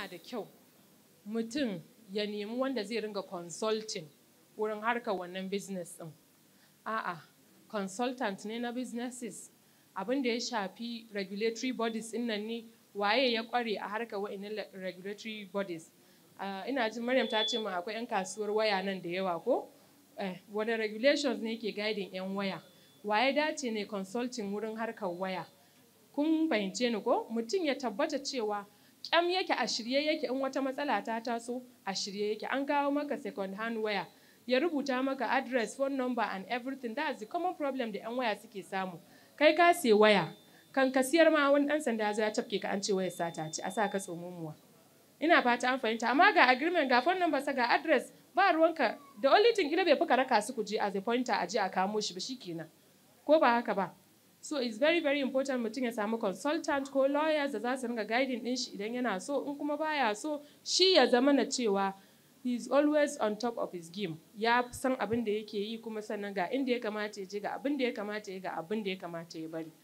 yana da kyau mutum ya nemi wanda zai ringa consulting wurin harkar wannan business din? A'a, consultant ne na businesses abin da ya shafi regulatory bodies ɗin nan ne waye ya kware a harkar wa'annan regulatory bodies. Ah, ina jin Maryam ta ce ma akwai 'yan kasuwar waya nan da yawa ko? Eh, wani regulations ne ke guiding 'yan waya. Waye dace ne consulting wurin harkar waya? Kun fahimce ni ko? Mutum ya tabbata cewa kyam yake a shirye yake in wata matsala ta taso a shirye yake an kawo maka second hand waya ya rubuta maka address phone number and everything that's the common problem da yan waya suke samu kai ka sai waya kan ka siyar ma wani dan sanda ya zo ya tafke ka an ce wayar sata ce a sa ka tsomumuwa ina fata an fahimta amma ga agreement ga phone number sa ga address ba ruwanka da only thing bai fuka raka su ku je as a pointer a je a kamo shi ba shikenan ko ba haka ba so it's very very important mutum ya samu consultant ko lawyers da za su ringa guiding din shi idan yana so in kuma baya so shi ya zama na cewa he is always on top of his game ya san abin da yake yi kuma sannan ga inda ya kamata ya je ga abin da ya kamata ya ga abin da ya kamata ya bari